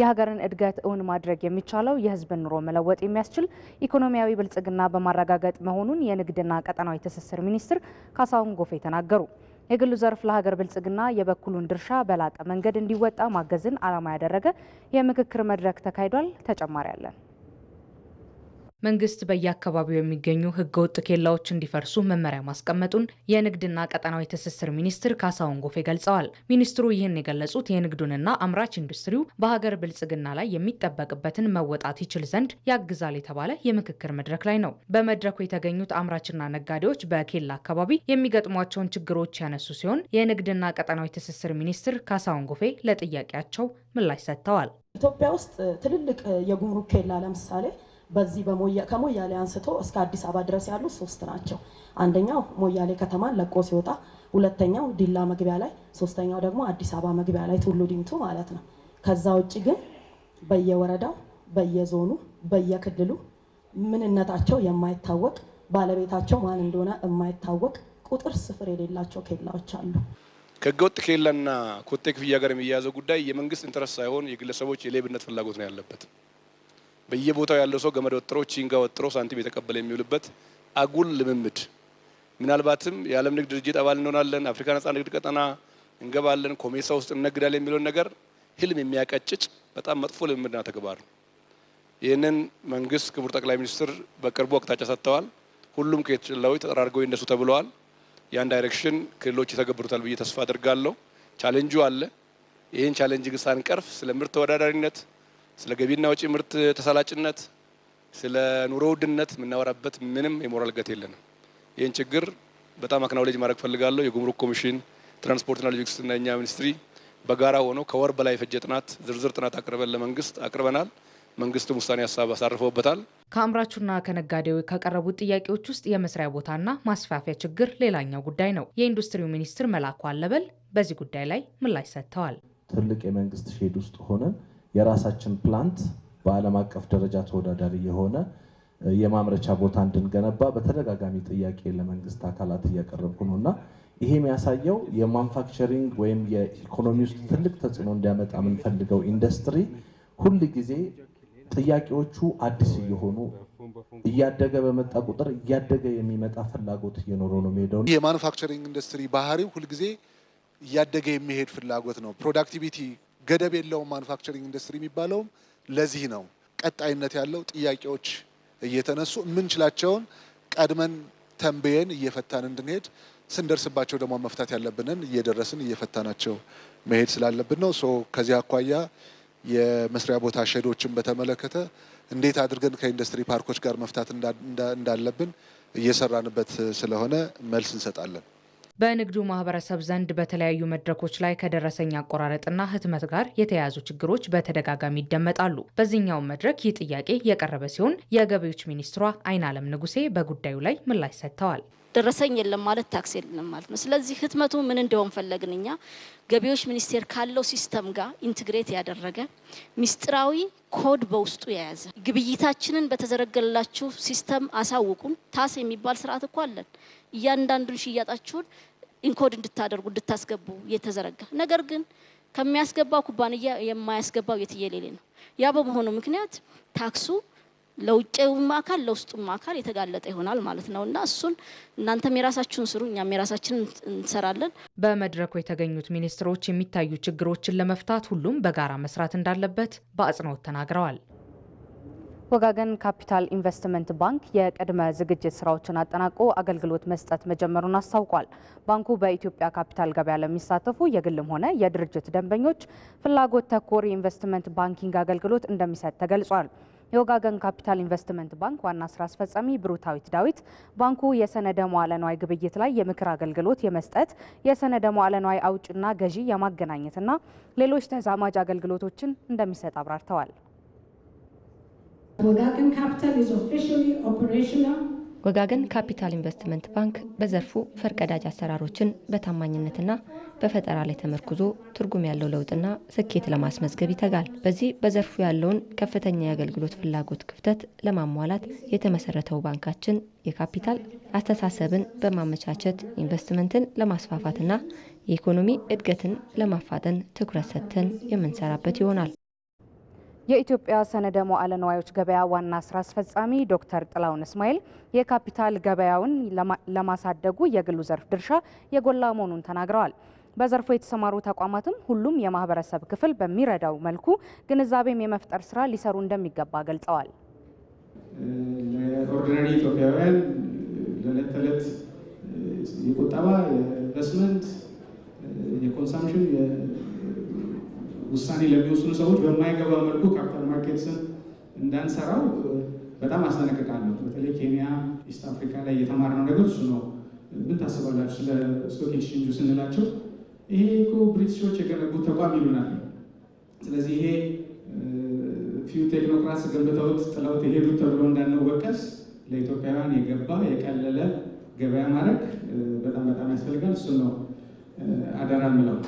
የሀገርን እድገት እውን ማድረግ የሚቻለው የህዝብን ኑሮ መለወጥ የሚያስችል ኢኮኖሚያዊ ብልጽግና በማረጋገጥ መሆኑን የንግድና ቀጠናዊ ትስስር ሚኒስትር ካሳሁን ጎፌ ተናገሩ። የግሉ ዘርፍ ለሀገር ብልጽግና የበኩሉን ድርሻ በላቀ መንገድ እንዲወጣ ማገዝን ዓላማ ያደረገ የምክክር መድረክ ተካሂዷል። ተጨማሪ አለን። መንግስት በየአካባቢው የሚገኙ ህገወጥ ኬላዎች እንዲፈርሱ መመሪያ ማስቀመጡን የንግድና ቀጠናዊ ትስስር ሚኒስትር ካሳሁን ጎፌ ገልጸዋል። ሚኒስትሩ ይህን የገለጹት የንግዱንና አምራች ኢንዱስትሪው በሀገር ብልጽግና ላይ የሚጠበቅበትን መወጣት ይችል ዘንድ ያግዛል የተባለ የምክክር መድረክ ላይ ነው። በመድረኩ የተገኙት አምራችና ነጋዴዎች በኬላ አካባቢ የሚገጥሟቸውን ችግሮች ያነሱ ሲሆን የንግድና ቀጠናዊ ትስስር ሚኒስትር ካሳሁን ጎፌ ለጥያቄያቸው ምላሽ ሰጥተዋል። ኢትዮጵያ ውስጥ ትልልቅ የጉምሩክ ኬላ ለምሳሌ በዚህ ከሞያሌ አንስቶ እስከ አዲስ አበባ ድረስ ያሉ ሶስት ናቸው። አንደኛው ሞያሌ ከተማን ለቆ ሲወጣ፣ ሁለተኛው ዲላ መግቢያ ላይ፣ ሶስተኛው ደግሞ አዲስ አበባ መግቢያ ላይ ቱሉ ዲምቱ ማለት ነው። ከዛ ውጭ ግን በየወረዳው በየዞኑ በየክልሉ ምንነታቸው የማይታወቅ ባለቤታቸው ማን እንደሆነ የማይታወቅ ቁጥር ስፍር የሌላቸው ኬላዎች አሉ። ከህገወጥ ኬላና ኮቴ ክፍያ ጋር የሚያያዘው ጉዳይ የመንግስት ኢንተረስት ሳይሆን የግለሰቦች የሌብነት ፍላጎት ነው ያለበት። በየቦታው ያለው ሰው ገመድ ወጥሮ ቺንጋ ወጥሮ ሳንቲም የተቀበለ የሚውልበት አጉል ልምምድ ምናልባትም የዓለም ንግድ ድርጅት አባል እንሆናለን፣ አፍሪካ ነጻ ንግድ ቀጠና እንገባለን፣ ኮሜሳ ውስጥ እነግዳለን የሚለውን ነገር ህልም የሚያቀጭጭ በጣም መጥፎ ልምምድና ተግባር ነው። ይህንን መንግስት ክቡር ጠቅላይ ሚኒስትር በቅርቡ አቅጣጫ ሰጥተዋል። ሁሉም ከየተጨላዎች ተጠራርገው ይነሱ ተብለዋል። ያን ዳይሬክሽን ክልሎች የተገብሩታል ብዬ ተስፋ አድርጋለሁ። ቻሌንጁ አለ። ይህን ቻሌንጅ ግን ሳንቀርፍ ስለ ምርት ተወዳዳሪነት ስለ ገቢና ወጪ ምርት ተሳላጭነት፣ ስለ ኑሮ ውድነት የምናወራበት ምንም የሞራል ገት የለንም። ይህን ችግር በጣም አክናውሌጅ ማድረግ ፈልጋለሁ። የጉምሩክ ኮሚሽን፣ ትራንስፖርትና ሎጂስቲክስና እኛ ሚኒስትሪ በጋራ ሆኖ ከወር በላይ ፈጀ ጥናት ዝርዝር ጥናት አቅርበን ለመንግስት አቅርበናል። መንግስትም ውሳኔ ሀሳብ አሳርፈውበታል። ከአምራቹና ከነጋዴው ከቀረቡት ጥያቄዎች ውስጥ የመስሪያ ቦታና ማስፋፊያ ችግር ሌላኛው ጉዳይ ነው። የኢንዱስትሪው ሚኒስትር መላኩ አለበል በዚህ ጉዳይ ላይ ምላሽ ሰጥተዋል። ትልቅ የመንግስት ሼድ ውስጥ ሆነን የራሳችን ፕላንት በዓለም አቀፍ ደረጃ ተወዳዳሪ የሆነ የማምረቻ ቦታ እንድንገነባ በተደጋጋሚ ጥያቄ ለመንግስት አካላት እያቀረብኩ ነው እና ይሄ የሚያሳየው የማንፋክቸሪንግ ወይም የኢኮኖሚ ውስጥ ትልቅ ተጽዕኖ እንዲያመጣ የምንፈልገው ኢንዱስትሪ ሁል ጊዜ ጥያቄዎቹ አዲስ እየሆኑ እያደገ በመጣ ቁጥር እያደገ የሚመጣ ፍላጎት እየኖረ ነው የሚሄደው። የማኑፋክቸሪንግ ኢንዱስትሪ ባህሪው ሁልጊዜ እያደገ የሚሄድ ፍላጎት ነው። ፕሮዳክቲቪቲ ገደብ የለውም ማኑፋክቸሪንግ ኢንዱስትሪ የሚባለውም ለዚህ ነው። ቀጣይነት ያለው ጥያቄዎች እየተነሱ የምንችላቸውን ቀድመን ተንብየን እየፈታን እንድንሄድ ስንደርስባቸው ደግሞ መፍታት ያለብንን እየደረስን እየፈታናቸው መሄድ ስላለብን ነው። ሶ ከዚህ አኳያ የመስሪያ ቦታ ሼዶችን በተመለከተ እንዴት አድርገን ከኢንዱስትሪ ፓርኮች ጋር መፍታት እንዳለብን እየሰራንበት ስለሆነ መልስ እንሰጣለን። በንግዱ ማህበረሰብ ዘንድ በተለያዩ መድረኮች ላይ ከደረሰኝ አቆራረጥና ህትመት ጋር የተያያዙ ችግሮች በተደጋጋሚ ይደመጣሉ። በዚህኛው መድረክ ይህ ጥያቄ የቀረበ ሲሆን የገቢዎች ሚኒስትሯ አይናለም ንጉሴ በጉዳዩ ላይ ምላሽ ሰጥተዋል። ደረሰኝ የለም ማለት ታክስ የለም ማለት ነው። ስለዚህ ህትመቱ ምን እንደሆን ፈለግን እኛ ገቢዎች ሚኒስቴር ካለው ሲስተም ጋር ኢንትግሬት ያደረገ ሚስጥራዊ ኮድ በውስጡ የያዘ ግብይታችንን በተዘረገላችሁ ሲስተም አሳውቁን። ታስ የሚባል ስርዓት እኮ አለን። እያንዳንዱን ሽያጣችሁን ኢንኮድ እንድታደርጉ እንድታስገቡ የተዘረጋ ነገር ግን ከሚያስገባው ኩባንያ የማያስገባው የትየሌሌ ነው። ያ በመሆኑ ምክንያት ታክሱ ለውጭውም አካል ለውስጡም አካል የተጋለጠ ይሆናል ማለት ነው እና እሱን እናንተም የራሳችሁን ስሩ፣ እኛም የራሳችን እንሰራለን። በመድረኩ የተገኙት ሚኒስትሮች የሚታዩ ችግሮችን ለመፍታት ሁሉም በጋራ መስራት እንዳለበት በአጽንኦት ተናግረዋል። ወጋገን ካፒታል ኢንቨስትመንት ባንክ የቅድመ ዝግጅት ስራዎችን አጠናቆ አገልግሎት መስጠት መጀመሩን አስታውቋል። ባንኩ በኢትዮጵያ ካፒታል ገበያ ለሚሳተፉ የግልም ሆነ የድርጅት ደንበኞች ፍላጎት ተኮር የኢንቨስትመንት ባንኪንግ አገልግሎት እንደሚሰጥ ተገልጿል። የወጋገን ካፒታል ኢንቨስትመንት ባንክ ዋና ስራ አስፈጻሚ ብሩታዊት ዳዊት ባንኩ የሰነደ መዋለ ንዋይ ግብይት ላይ የምክር አገልግሎት የመስጠት የሰነደ መዋለ ንዋይ አውጭና ገዢ የማገናኘትና ሌሎች ተዛማጅ አገልግሎቶችን እንደሚሰጥ አብራርተዋል። ወጋገን ካፒታል ኢንቨስትመንት ባንክ በዘርፉ ፈርቀዳጅ አሰራሮችን በታማኝነትና በፈጠራ ላይ ተመርኩዞ ትርጉም ያለው ለውጥና ስኬት ለማስመዝገብ ይተጋል። በዚህ በዘርፉ ያለውን ከፍተኛ የአገልግሎት ፍላጎት ክፍተት ለማሟላት የተመሰረተው ባንካችን የካፒታል አስተሳሰብን በማመቻቸት ኢንቨስትመንትን ለማስፋፋትና የኢኮኖሚ እድገትን ለማፋጠን ትኩረት ሰጥተን የምንሰራበት ይሆናል። የኢትዮጵያ ሰነደ ሙዓለ ንዋዮች ገበያ ዋና ስራ አስፈጻሚ ዶክተር ጥላውን እስማኤል የካፒታል ገበያውን ለማሳደጉ የግሉ ዘርፍ ድርሻ የጎላ መሆኑን ተናግረዋል። በዘርፉ የተሰማሩ ተቋማትም ሁሉም የማህበረሰብ ክፍል በሚረዳው መልኩ ግንዛቤም የመፍጠር ስራ ሊሰሩ እንደሚገባ ገልጸዋል። ለኦርዲናሪ ኢትዮጵያውያን ለዕለት ተዕለት የቁጠባ የኢንቨስትመንት የኮንሳምሽን፣ ውሳኔ ለሚወስኑ ሰዎች በማይገባ መልኩ ካፒታል ማርኬትስን እንዳንሰራው በጣም አስጠነቅቃለሁ። በተለይ ኬንያ፣ ኢስት አፍሪካ ላይ የተማርነው ነገር እሱ ነው። ምን ታስባላችሁ ስለ ስቶክ ኤክስቼንጁ ስንላቸው ይሄ እኮ ብሪቲሾች የገነቡት ተቋም ይሉናል። ስለዚህ ይሄ ፊው ቴክኖክራትስ ገንብተውት ጥለውት የሄዱት ተብሎ እንዳንወቀስ ለኢትዮጵያውያን የገባ የቀለለ ገበያ ማድረግ በጣም በጣም ያስፈልጋል። እሱ ነው አደራ ምለው።